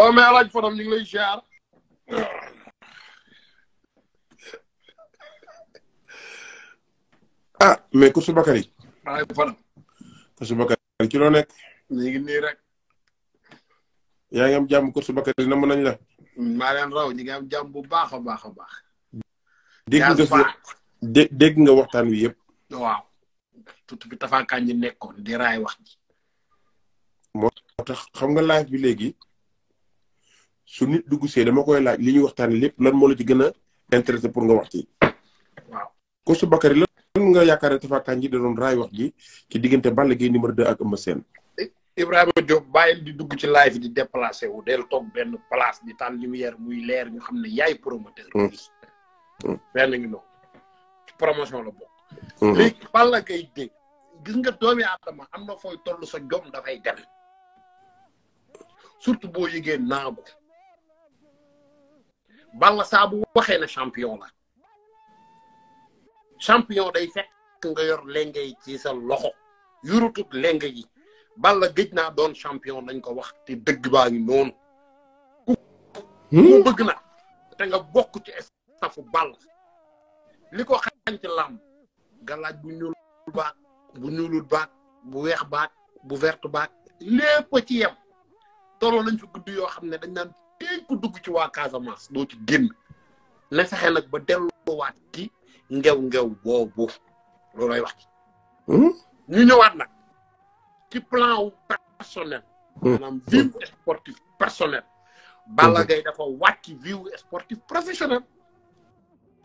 waaw mais alaaj Fadam ñu ngi lay ziar. a ah, mais Kousou Bakary. alaaj Fadam. Kousou ci loo nekk. ñu ngi nii rek. yaa ngi am jàmm Kousou Bakary namm nañ la. maa leen raw ñu ngi am jàmm bu baax a baax a baax. dégg nga waxtaan wi yëpp. waaw. tuuti bi tafaakaan ñi nekkoon di raay wax ji. moo tax xam nga live bi léegi. su nit dugg see dama koy laaj li waxtaan waxtaanee lépp lan moo la ci gën a intéressé pour nga wax ci. waaw Kosu Bakary lan nga yaakaar ne Tapha Kandji da doon raay wax ji ci diggante Balla Gaye numéro 2 ak Eumeu Sène. Ibrahima Diop bàyyil di dugg ci live di déplacé wu del toog benn place di taal lumière muy leer ñu xam ne yaay promoteur. Hmm. Hmm. benn ngi noonu ci promotion la bokk. Hmm. léegi Balla Gaye dégg gis nga doomi aadama am na fooy toll sa jom dafay dem surtout boo yëgee naagu. Balla saa bu waxee na champion la champion day fekk nga yor lenge yi ci sa loxo yurutut lenge yi Balla géej naa doon champion dañ ko wax te dëgg baa ngi noonu hmm? bëgg nag te nga bokk ci stafu Balla li ko xañ ci làmb laaj bu ñuul baak bu ñuulul baak bu weex baak bu verte baak lépp ci yem tolloo lañ fi gudd yoo xam ne dañ naan tey dugg ci wa Casamance do ci genn na fexé nak ba wat ci ngew-ngew bobu lo lay wax hmm ñu ñëwaat nak ci plan personnel hmm. manam vie sportif personnel hmm. Balla Gaye dafa wàcc vie sportif professionnel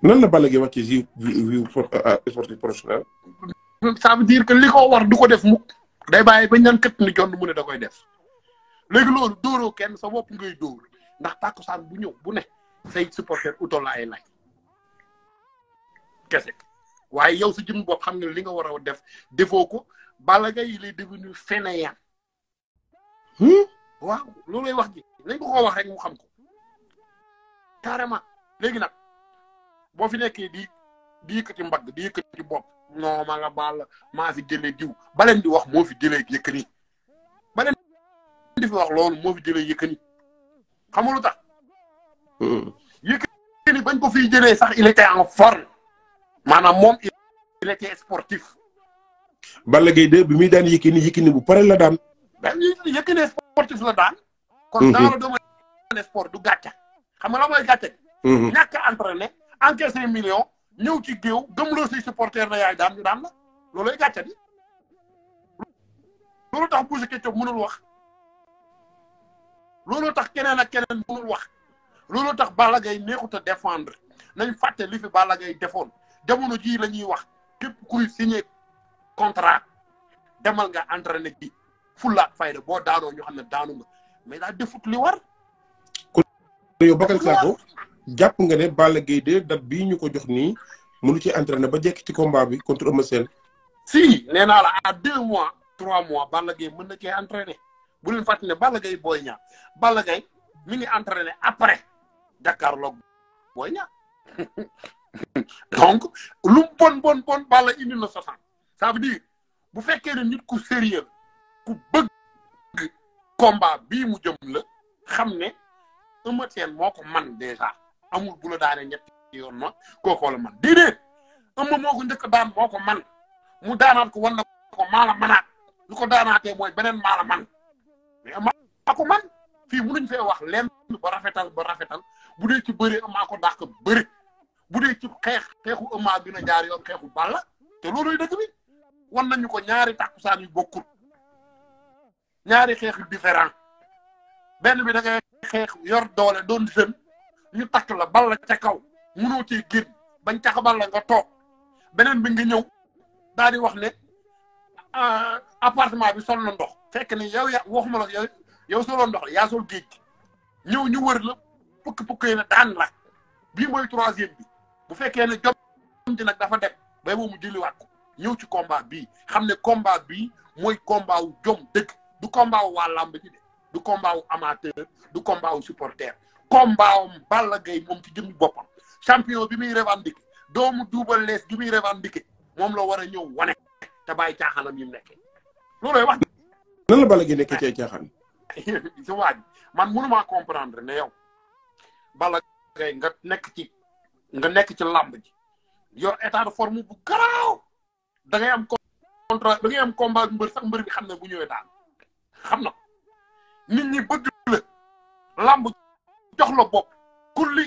nan la Balla Gaye wàcc vie vie euh, euh, sportive professionnel ça veut dire que liko war du ko def mu day baye ba ñaan kët ni jonn mu ne da koy def léegi lolu dóoroo kenn sa bop ngay dóor ndax takusaan bu ñëw bu ne say supporter utal la ay lay kese waaye yow sa jëm bopp xam li nga war a def defoo ko bala nga il est devenu fainéant hmm? waaw lay wax ji nañ ko ko wax rek mu xam ko carrément léegi nag boo fi nekkee di di yëkkati mbagg di yëkkati bopp non ma nga baal maa fi jëlee diw baleen di wax moo fi jëlee yëkkani baleen di fi wax loolu moo fi jëlee xam nga lu tax. Hmm. Yékini bañ ko fi jëlee sax il était en forme maanaam moom il était sportif. Balla Gaye 2 bi muy daan Yékini Yékini bu pare la daan. daan Yékini sportif la daan. kon hmm, hmm. dans le domaine sport du gàcce. xam nga la mooy gàcce. ñàkk a entraîné encaissé million ñëw ci géew gëmloo si supporter na yaay daan ñu daan la loolooy gàcce bi. loolu tax Boucher Ketchup mënul wax. loolu tax keneen ak keneen mënul wax loolu tax bala gay neexut a défendre nañ fàtte li fi Balla Gaye defoon jamono jii la ñuy wax képp kuy signé contrat demal nga entraîné ji fullaak fayda boo daanoo ñu xam ne daanu nga mais daa defut li war. jàpp nga ne Balla Gaye de date bii ñu ko jox nii mënu ci entraîné ba jekk ci combat bi contre Eumeu Sène. si nee naa la à deux mois trois mois Balla Gaye mën na cee entraîné. bu leen fàttali ne Balla Gaye Boy Niang Balla Gaye mi ngi entraîné après jàkkaarloog Boy Niang donc lu bon bon bon Balla indi na soixante ça bu fekkee ne nit ku sérieux ku bëgg combat bii mu jëm la xam ne Eumeu Sène moo man déjà amul bu la daanee ñetti yoon ma kookoo man déedéet Eumeu moo njëkk daan moo man mu daanaat ko wan ko maala manaat lu ko daanaatee mooy beneen maala man mais maa ko man fii munuñ fee wax lenn ba rafetal ba rafetal bu dee ci bëri maa ko dàq bëri bu dee ci xeex xeexu ëmmaa gën a jaar yoon xeexu balla te looluy dëgg bi wan nañu ko ñaari takkusaan yu bokkul ñaari xeex yu différent benn bi da xeex yor doole doon sën ñu takk la balla ca kaw munoo ci génn bañ taxabal la nga toog beneen bi nga ñëw daal di wax ne euh, appartement bi sol na ndox fekk ni yow ya waxuma la yow yow soloon ndox la yaa sol géej ñëw ñu wër la pukk pukk yi ne daan la bii mooy troisième bi bu fekkee ne jom ji nag dafa dem bay boo mu jëliwaat ko ñëw ci combat bii xam ne combat bii mooy combat wu jom dëgg du combat wu waa de du combat wu amateur du combat wu supporter combat wu Balla Gaye moom ci jëm boppam champion bi muy revendiqué doomu duubal lees bi muy revendiqué moom la war a ñëw wane te bàyyi caaxaanam yi mu nekkee looloy nan la Balla nek ci caaxaan ci waaj man ma comprendre ne yow Balla nga nek ci nga nek ci lamb ji yor état de forme bu graw da ngay am contrat da ngay am combat mbeur sax mbeur bi xamna bu ñëwee daal xamna nit ñi bëgg la lamb jox la bop kulli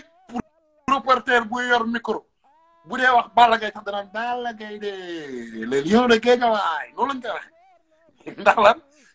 reporter bu yor micro bu dé wax Balla sax da na Gaye dé le lion de Guédiawaye non lañ ko wax ndax lan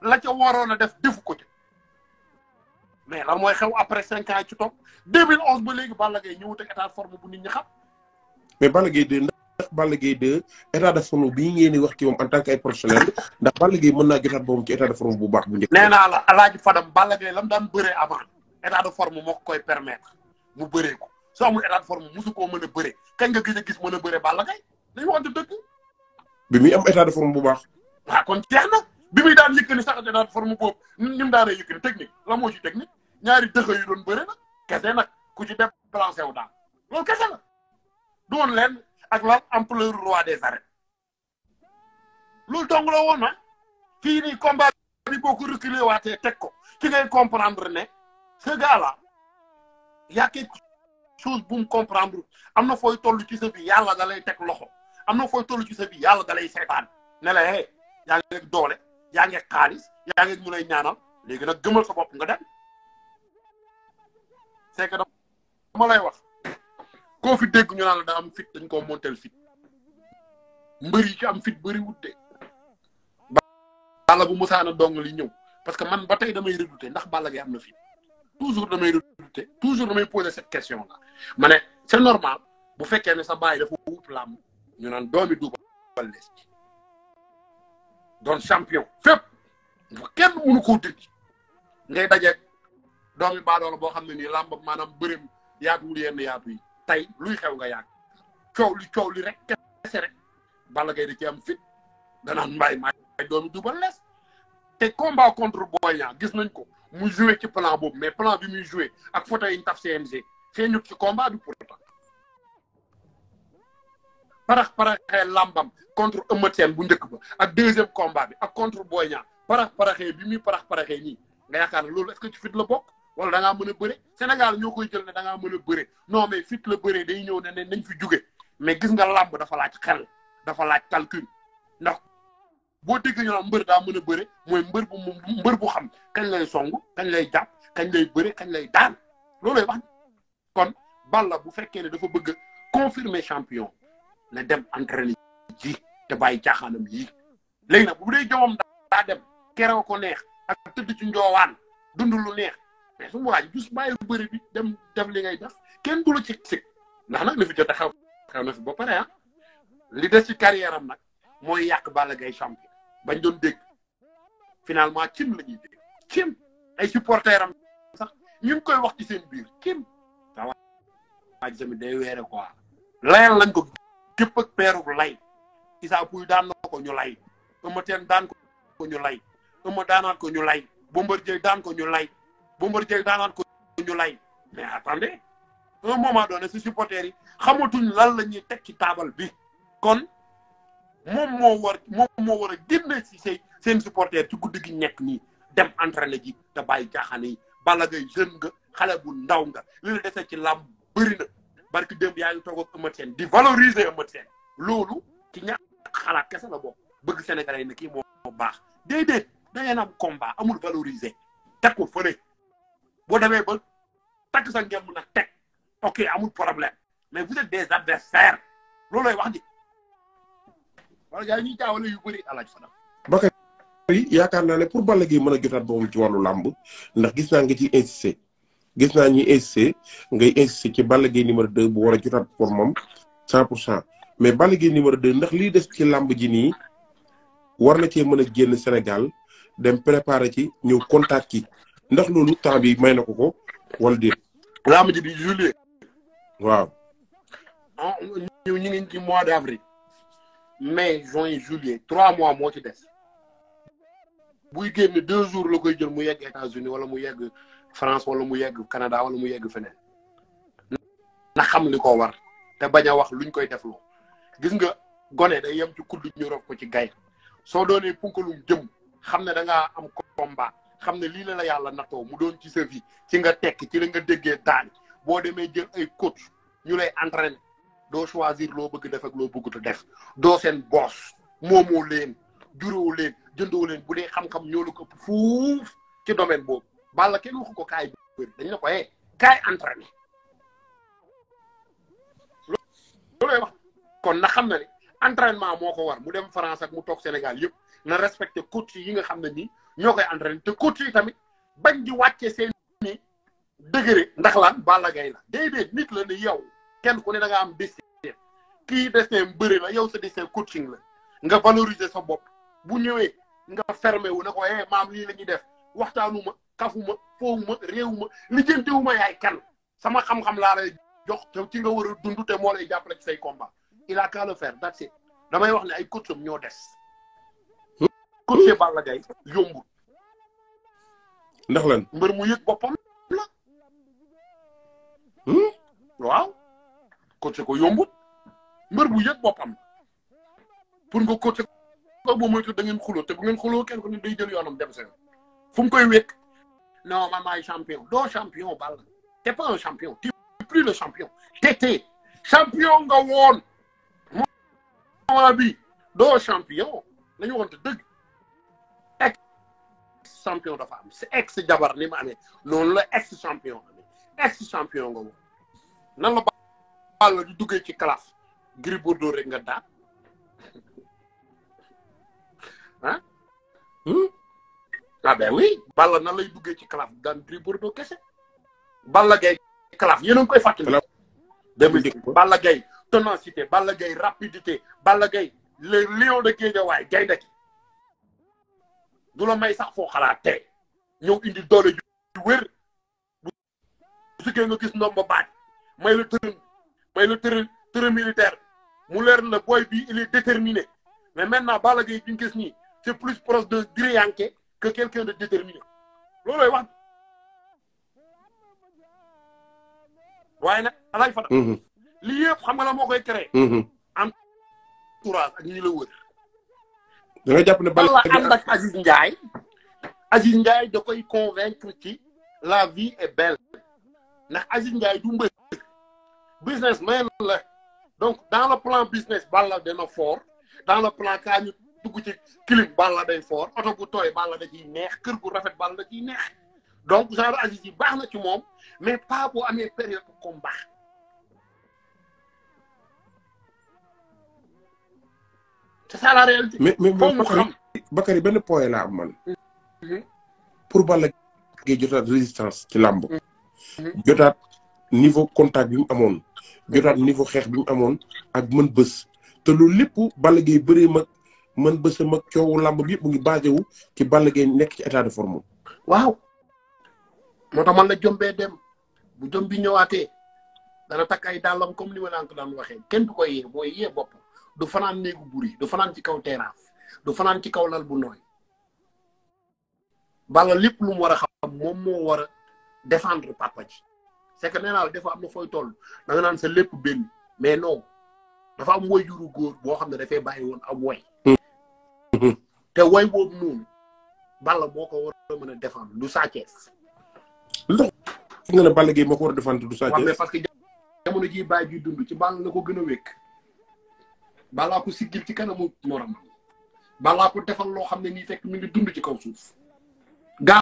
la ca waroon a def defu ko ci mais lan mooy xew après cinq ans ci topp 2011 ba léegi Balla Gaye ñëwut ak état de forme bu nit ñi xam. mais Balla Gaye 2 ndax Balla Gaye 2 bii ngeen di wax ci moom en tant que ay professionnel mën naa jotaat boobu ci bu baax bu njëkk. nee naa la Alaaji Fadam Balla Gaye lam daan bëree avant état de forme moo koy permettre mu bëree ko soo amul état de forme mosu koo mën a bëree kañ nga gëj a gis mën a bëree Balla Gaye dañu waxante dëgg. bi mu am état de bu baax. waaw kon jeex bi muy daan yëkkani sax da daan forme boobu ni mu daanee yëkkani technique la moo ci technique ñaari dëxa yu doon bëre nag nag ku ci déplacé wu daan loolu kese la du woon leen ak lan ampleur roi des arènes loolu dong la woon ah fii nii combat bi boo ko reculer waatee teg ko ci ngay comprendre ne ce gars là y chose bu comprendre am na fooy toll ci sa bi yàlla da lay teg loxo am na fooy toll ci sa bi yàlla da lay ne la hey yaa ngi doole yaa ngi xaalis yaa ngi mun ay ñaanal léegi nag gëmal sa bopp nga dem c'est que moo lay wax koo fi dégg ñu naan la da am fit dañ koo montel fit mbër yi ci am fit bëri wutte balla bu musaana dong li ñëw parce que man ba tey damay redouté ndax balla gi am na fit toujours damay redouté toujours damay poser cette question là ma ne c'est normal bu fekkee ne sa baay dafa wuup làmb ñu naan doomi duubal lees doon champion fépp kenn mënu koo dëj ngay dajeeg doomi baadoola boo xam ne nii làmb maanaam bërëm yaatuwul yenn yaatu yi tey luy xew nga yàgg coow li coow li rek kese rek Balla Gaye da ci am fit danaan mbay maay doomi Double Less te combat contre Boy gis nañ ko mu joué ci plan boob mais plan bi muy joué ak photo yi ñu taf CNG feeñut ci combat bi pourtant parax paraxee eh, lambam contre Eumeu bu njëkk ba ak deuxième combat bi ak contre Boy Niang parax paraxee bi muy parax paraxee ni nga yaakaar ne loolu est-ce que ci fit la bokk wala da ngaa mën a bëre Sénégal ñoo koy jël ne da ngaa mën a bëre non mais fit la bëre day ñëw ne ne nañ fi jóge mais gis nga lamb dafa laaj xel dafa laaj calcul ndax boo dégg ñu naan mbër daa mën a bëre mooy mbër bu mbër bu xam kañ lay song kañ lay jàpp kañ lay bëre kañ lay daan loolooy wax kon Balla bu fekkee ne dafa bëgg confirmer champion na dem entre entraîné ji te bàyyi caaxaanam yii léegi nag bu dee jomam daa dem kerew ko neex a tëdd ci njoowaan dund lu neex mais su ma waaj juste bàyyi bëri bi dem def li ngay def kenn du la ci ndax nag li fi jot a xew na fi ba pare ah li des ci carrière nag mooy yàq Balla gay champion bañ doon dégg finalement cim la ñuy cim ay supporter am ñu ngi koy wax ci seen biir cim. waaw waaye de day weere quoi layal lañ ko képp ak peeru lay Issa Pouye daan na ko ñu lay Eumeu Sène daan ko ñu lay Eumeu daanaat ko ñu lay Bombardier daan ko ñu ko ñu mais attendez un moment donné si supporters yi xamatuñ lan la ñuy teg ci taabal bi kon moom moo war moom moo war a génne si say seen supporter ci guddi gi nekk nii dem entraîné ji te bàyyi jaaxaane yi bala ngay jeune nga xale bu ndaw nga li la dese ci làmb bëri na barki démb yaa ngi toog ak Eumeu Sène di valoriser Eumeu Sène loolu ki ñàkk xalaat kese la bokk bëgg Sénégalais yi na kii moo baax déedéet da ngeen bu combat amul valoriser teg ko fële boo demee ba takk sa ngeen mën a teg ok amul problème mais vous êtes des adversaires loolooy wax di wala gars yi ñuy jaawale yu bëri alaaj fa Bakary yaakaar naa ne pour Balla Gaye mën a jotaat boppam ci wàllu làmb ndax gis naa nga ci insisté gis naa ñuy insisté ngay insisté ci Balla Gaye numéro 2 bu war a jotaat pour moom 100 pour cent mais Balla Gaye numéro 2 ndax lii des ci làmb ji nii war na cee mën a génn Sénégal dem préparer ci ñëw contact ci ndax loolu temps bi may na ko ko wala déet. làmb ji bi juillet. waaw. ah ñu ngi ci mois d' avril. mai juin juillet trois mois moo ci des. buy génn deux jours la koy jël mu yegg États-Unis wala mu yegg. France wala mu yegg Canada wala mu yegg fene na xam li ko war te bañ a wax luñ koy def defloo gis nga gone day yem ci kudd ñu ko ci gay soo doonee punkalum jëm xam ne da ngaa am combat xam ne lii la la yàlla nattoo mu doon ci sa ci nga tekk ci la nga déggee daani boo demee jël ay coach ñu lay entraîner doo choisir loo bëgg def ak loo bëggut a def doo seen boos moomoo leen juróo leen jëndoo leen bu dee xam-xam ñoo la ko ëpp fuuf ci domaine boobu Balla kenn waxu ko kaay bëri dañu ne ko eh kaay entraîné wax kon na xam na ne entraînement moo ko war mu dem France ak mu toog Sénégal yëpp na respecté coach yi nga xam ne nii ñoo koy entraîné te coach tamit bañ di wàcce seen ni dëgëre ndax laan Balla Gaye la déedéet nit la ne yow kenn ku ne da nga am destin kii destin bëri la yow sa destin coaching la nga valoriser sa bopp bu ñëwee nga fermé wu ne ko eh maam lii la ñuy def waxtaanuma kafuma foowuma réewuma lijjantewuma yaay kan sama xam-xam laa lay jox te ci nga war a te moo lay jàppale ci say combat il a qu'à le faire that's it damay wax ne ay coacham ñoo des. coaché Balla Gaye yombul. ndax lan mbër mu yëg boppam la. Hmm? waaw coaché ko yombul mbër mu yëg boppam pour nga coaché ko boo moytu da ngeen xuloo te bu ngeen xuloo kenn ko ne day dem seen koy wékk. Non, maman est champion. Deux champions, tu T'es pas un champion. T'es plus le champion. T'étais champion de woon. Mon bi doo champion. Nous on te deux. ex champion de femme, c'est ex jabar ni ma Non, le ex champion ex champion de nan la Balla du dougué ci classe. Gris Bordeaux rek Hein? Hein? ah ben oui Balla na lay duggé ci Dans daan pour do kessé Balla gay, calaf yéen a ngi koy fàttali. demi dégg Balla gay tenacité Balla gay, rapidité Balla gay. le lion de Guédiawaye gaynde ki du la may sax fo xalaté ñëw indi doole ju wër bu sukkee nga gis ndomba baaj may le terrain may le terrain tërë militaire mu leer la boy bi il est déterminé mais maintenant Balla gay bi ñu gis ni? c'est plus proche de griyanké que quelqu'un de déterminé loolooy wax waaye nag alaaj fata mhm. lii yëpp xam nga la moo koy créé mhm. am tourage ak ñi la wër da nga jàpp ne bala ànd ak Aziz Ndiaye Aziz Ndiaye da koy convaincre ci la vie est belle Na Aziz Ndiaye du mbër donc dans le plan business Balla dana fort dans le plan kaa dugg ci clim Balla day fort oto bu tooy da ciy neex kër gu rafet Balla da ciy baax na ci moom mais pas boo amee période combat c'est benn point laa man. Mm-hmm. pour Balla Gaye jotaat ci làmb. Mm-hmm. jotaat niveau contact bi mu amoon. Mm-hmm. jotaat niveau xeex bi amoon ak man bës te loolu lépp Balla Gaye bëree man ba sama coowu lamb bi yëpp mu ngi basé wu ci Balla Gaye nekk ci état de forme waaw moo tax man la jombee dem bu jom bi ñëwaatee dana takk ay dàllam comme ni ma laan daan waxee kenn du koy yee mooy yee bopp du fanaan néegu buri du fanaan ci kaw terrasse du fanaan ci kaw lal bu nooy Balla lépp lu mu war a xam moom moo war a défendre papa ji c'est que nee naa la am na fooy toll da naan sa lépp benn mais non dafa am woy juru góor boo xam ne dafay bàyyi woon am woy te way boobu noonu Balla moo ko war a mën a défendre du Sa Thiès. lu tax nga ne Balla Gaye moo ko war a défendre du parce que jamono jii bàyyi ji dund ci Balla la ko gën a wékk. Balla ko siggil ci kanamu moram. Balla ko defal loo xam ne nii fekk mi ngi dund ci kaw suuf. gaa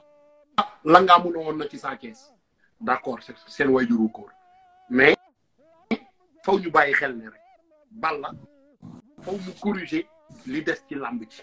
la ngaa mun na ci Sa Thiès. d' accord seen way juru góor mais faw ñu bàyyi xel ne rek Balla faw mu corriger li des ci làmb ci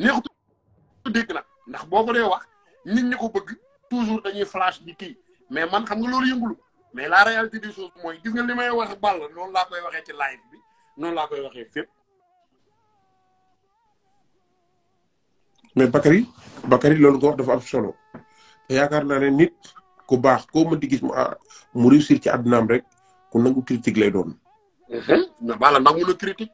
neexutu dégg nag ndax boo ko dee wax nit ñi ko bëgg toujours dañuy flash di kii mais man xam nga loolu yëngulu mais la réalité des choses mooy gis nga li may wax ball noonu laa koy waxee ci live bi noonu laa koy waxee fépp mais Bakary Bakary loolu nga wax dafa am solo te yaakaar na ne nit ku baax ko mën di gis mu ah, mu réussir ci àddunaam rek ko nangu critique lay doon na mhm. bala nangu na critique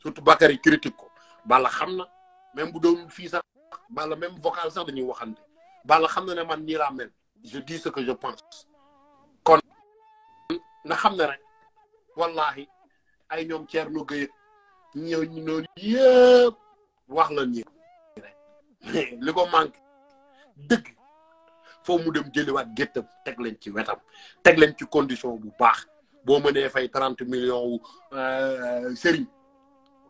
surtout Bakary critique ko Balla xamna même bu doom fi sax Balla même vocal sax dañuy waxante Balla xamna ne man ni laa mel je dis ce que je pense kon na xam rek wallahi ay ñoom Thierno Gueye ñew ñu noonu yëpp wax la ñi rek li ko manqué dëgg mu dem wat géttam teg leen ci wetam teg leen ci condition bu baax bo meune fay 30 millions euh serigne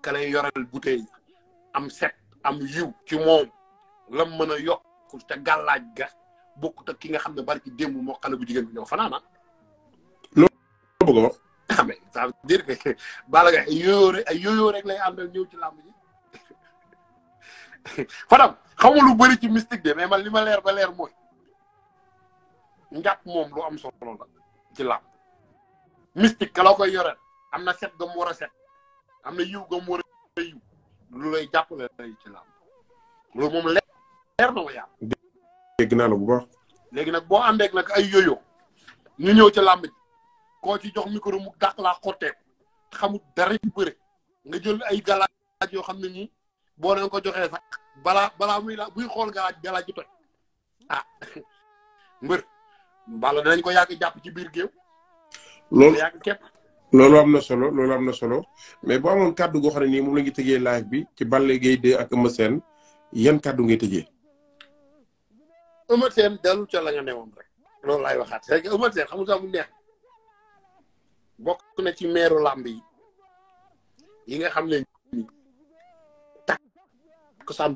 ka yoral yoreel bouteille am set am yiw ci moom la mën a yokku te gàllaaj ga bokkut ak ki nga xam ne barki démb moo xale bu jigéen bi ñëw fanaana ah. loolu bëgg a wax ah dire que Balla Gaye yooyoo rek ay yooyoo rek ñëw ci làmb ji Fadam xamul lu bëri ci mystique de mais ma li ma leer ba leer mooy njàpp moom lu am solo la ci làmb mystique ka la koy yoreel am na set ga war a set am na yiw ga mu war a yiw lu lay jàppale lay ci làmb loolu moom leer na ma yàlla. dégg naa la bu baax. léegi nag boo àndeek nag ay yoyo ñu ñëw ci làmb ji koo ci jox micro mu dàq laa xotteeku xamul dara ci bëre nga jël ay galaaj yoo xam ne nii boo leen ko joxee sax balaa balaa muy la buy xool galaaj galaaj ji toj ah mbër mbala dañ ko yàgg jàpp ci biir géew loolu yàgg loolu am na solo loolu am na solo mais boo amoon kàddu goo xam ne nii moom la ngi tëjee live bi ci Balla Gaye 2 ak Eumeu Sène yan kàddu ngay tëjee. Eumeu Sène dellu ca la ne woon rek loolu laay waxaat rek Eumeu Sène xam nga mu neex bokk ci meeru làmb yi yi nga xam ne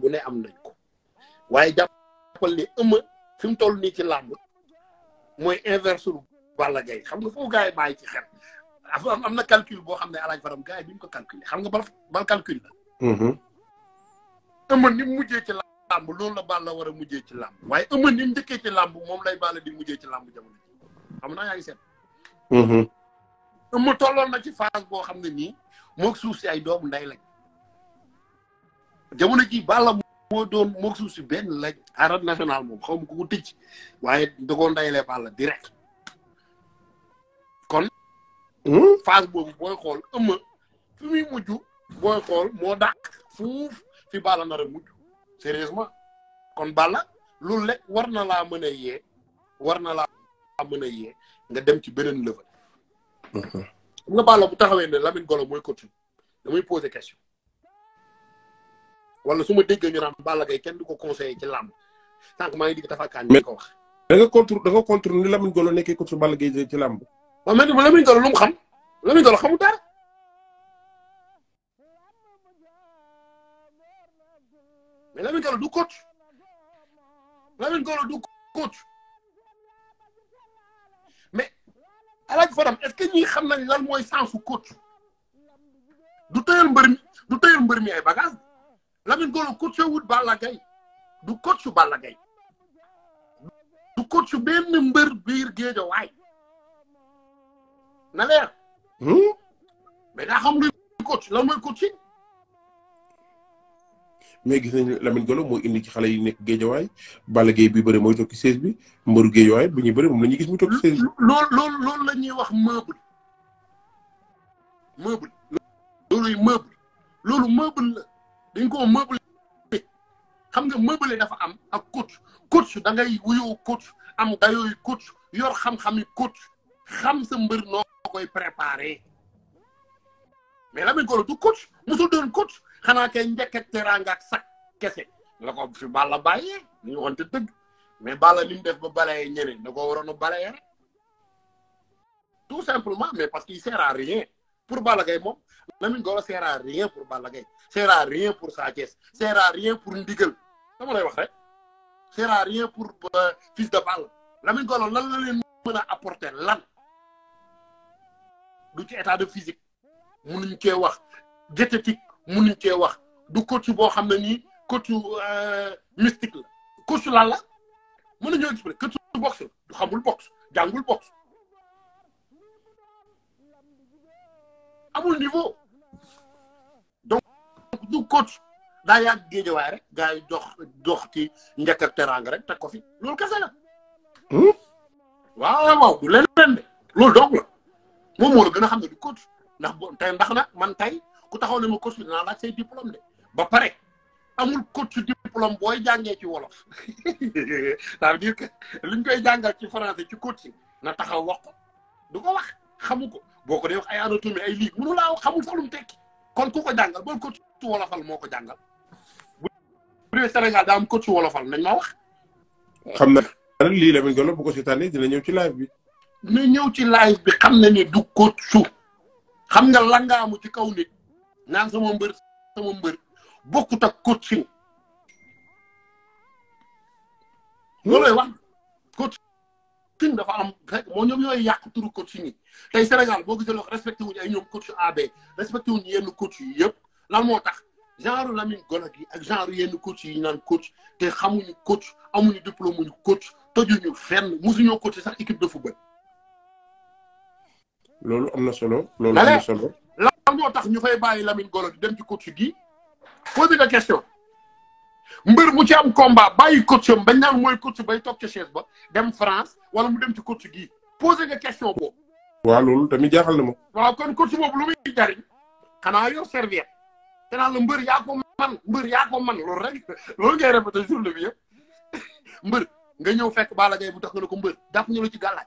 bu ne am nañ ko waaye jàppal ni Eumeu fi mu toll nii ci làmb mooy inverse Balla Gaye xam nga foofu gars yi bàyyi ci xet am na calcul boo xam ne alaaj faram gars yi duñ ko calculer xam nga bal bal calcul la. ëmën ni mu mujjee ci làmb loolu la Balla war a mujjee ci làmb waaye ëmën ni mu njëkkee ci làmb moom lay Balla di mujjee ci làmb jamono ji xam naa yaa ngi mm-hmm. tolloon na ci phase boo xam ne nii moog suuf si ay nday lañ. jamono ji Balla moo doon moog suuf si benn lañ arène nationale moom xaw ma ko ko waaye da koo ndaylee Balla direct kon. Hmm? phase boobu booy xool ëmma fi muy mujj booy xool moo dàq fuuf fi Balla nar a mujj sérieusement kon bala loolu lekk war na laa mën a yee war na laa mën a yee nga dem ci beneen level. Hmm. nga Balla bu taxawee ne Lamine Golo mooy coach damay poser question wala su ma déggee ñu naan Balla Gaye kenn du ko conseillé ci làmb sànq maa ngi digg Tafa Kañ. mais ko wax. da nga contre da nga contre ni Lamine Golo nekkee coach Balla Gaye ci làmb. waaw mais Lamine lu mu xam Lamine Dola xamu dara mais Lamine Dola du coach Lamine Dola du coach mais alaaj Fadam est-ce que nii xam nañ lan mooy sensu coach du tëyal mbër mi du tëyal mbër mi ay bagage Lamine Dola coach wut Balla Gaye du coach Balla Gaye du coach benn mbër biir géejo waay na leer. Hmm? mais daa xam luy coach lan mooy coaching. mais gis nañu Lamine Golo mooy indi ci xale yi nekk géejawaay Balla Gaye bi bëri mooy tokki sées bi mbaru géejawaay bu ñuy bëri moom la gis mu tokki sées bi. loolu loolu loolu la ñuy wax meuble. meuble. looluy meuble. loolu dañ koo meuble. xam nga meuble dafa am ak coach coach da ngay wuyoo coach am dayooyu coach yor xam-xami coach xam sa mbër noo koy préparé mais Lamine Golo du coach mosul doon coach xanaa kay njëkk ak teraanga ak sac kese la ko fi Balla bàyyee ñu waxante dëgg mais bal li mu def ba balayee ñeneen da koo waroon a balayee rek tout simplement mais parce que sert à rien pour Balla Gaye moom Lamine Golo sert à rien pour Balla Gaye sert rien pour Sa Thiès rien pour Ndigal dama lay wax rek sert rien pour euh, fils de Balla Lamine Golo lan la leen mën apporter lan du ci état de physique munuñ cee wax diététique munuñ cee wax du coach boo xam ne nii coach euh, mystique la lan la mën nañoo expliquer coach boxe du xamul boxe jàngul boxe amul niveau donc du coach daa yàgg géejawaay rek gaa yi dox dox ci njëkk ak rek teg ko fi loolu kese la hmm? waaw waaw du leneen de loolu doog la moom moo la gën a xam ne du coach ndax boo tey ndax nag man tey ku taxaw ne ma coach bi dinaa laaj say diplôme de ba pare amul coach diplôme bo jàngee ci wolof ça veut liñ koy jàngal ci français ci coach na taxaw wax ko ko xamu ko boo ko dee ay anatomie ay lii mënu laa xamul sax lu mu tekki kon ku ko jàngal bool coach wolofal moo ko jàngal bu dee Sénégal daa am coach wolofal nañ ma wax. xam na lii la gën a bu ko si tànnee dina ñëw ci live bi. na ñëw ci live bi xam na ni du ko suuf xam nga langaamu ci kaw nit naan sama mbër sama mbër bokkut ak coaching loolooy wax coaching dafa am rek moo ñoom ñooy yàq turu coaching yi tey Sénégal boo gisee wax respecté wuñu ay ñoom coach AB respecté wuñu yenn coach yi yëpp lan moo tax genre Lamine Golak yi ak genre yenn coach yi ñu naan coach te xamuñu coach amuñu diplôme muñu coach tojuñu fenn mosuñoo coach sax équipe de football loolu am na solo. loolu am na solo lan moo tax ñu fay bàyyi Lamine Golo dem ci coach gi posé nga question mbër mu ci am combat bàyyi coach am bañ naan mooy coach bay toog ca chaise ba dem France wala mu dem ci coach gi posé nga question boobu. waa loolu tamit jaaxal na ma. waaw kon coach boobu lu muy jariñ xanaa yor serviette te naan la mbër yaa ko man mbër yaa ko man loolu rek loolu ngay répété journée bi yëpp mbër nga ñëw fekk Balla Gaye bu tax nga ne ko mbër dàpp ñu la ci gàllaaj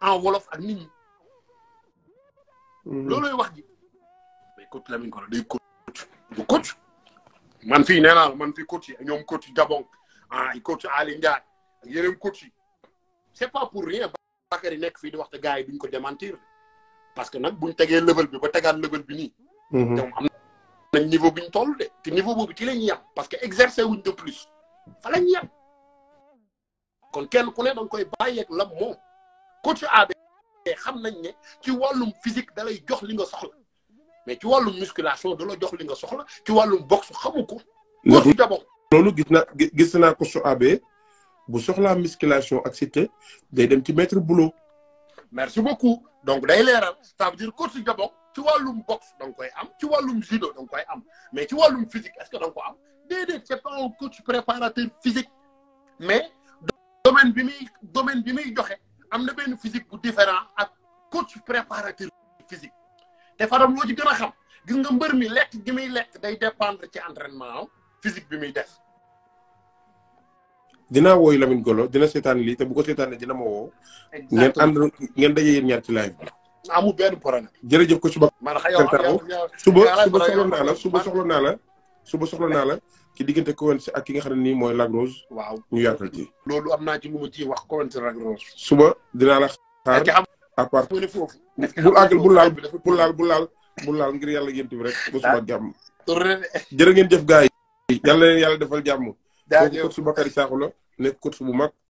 en wolof ak nit ñi. Mm-hmm. wax coach Lamine coach coach. coach coach Gabon ah i coach Ali coach pas pour rien bakari nek fi di wax te gars parce que nak buñ tégué level bi ba level bi mm-hmm. niveau buñ niveau ci parce que exercer wuñ de plus fa lañ kon kenn ku ne coach AB xam nañ ne ci walum physique dalay jox li nga soxla mais ci walum musculation da la jox li nga soxla ci walum boxe xamuko lolu loolu loolu gis na gis naa coach AB bu soxla musculation ak cité day dem ci maître boulot. merci beaucoup donc day leral ça veut dire coach jabo ci walum boxe dang koy am ci walum judo dang koy am mais ci walum physique est-ce que dang nga ko am déedéet c'est pas un coach préparateur physique mais domaine bi muy domaine bi muy joxe. am na benn physique bu différent ak coach préparateur physique te Fadam loo ci xam gis nga mbër mi lekk gi muy lekk day dépendre ci entraînement am physique bi muy des dinaa wooyu Lamine Golo dina seetaan lii te bu ko seetaanee dina ma woo. ngeen ànd ngeen daje yéen ñaar ci live bi. amul benn problème. jërëjëf ko suba. man xëy na yow suba suba soxla naa la suba soxla naa la suba soxla naa la. ci diggante Quench ak ki nga xam ne nii mooy Lac Rose. waaw loolu am naa ci lu ma ciy wax Quench Lac Rose. suba dinaa la xaar à part bul àggal bul laal bul laal bul laal bul laal ngir yàlla yéen bi rek ba suba jàmm. jërë ngeen jëf gars yi. yàlla leen yàlla defal jàmm. jaajëf kooku coach Bakary Sakho la nekk coach bu mag.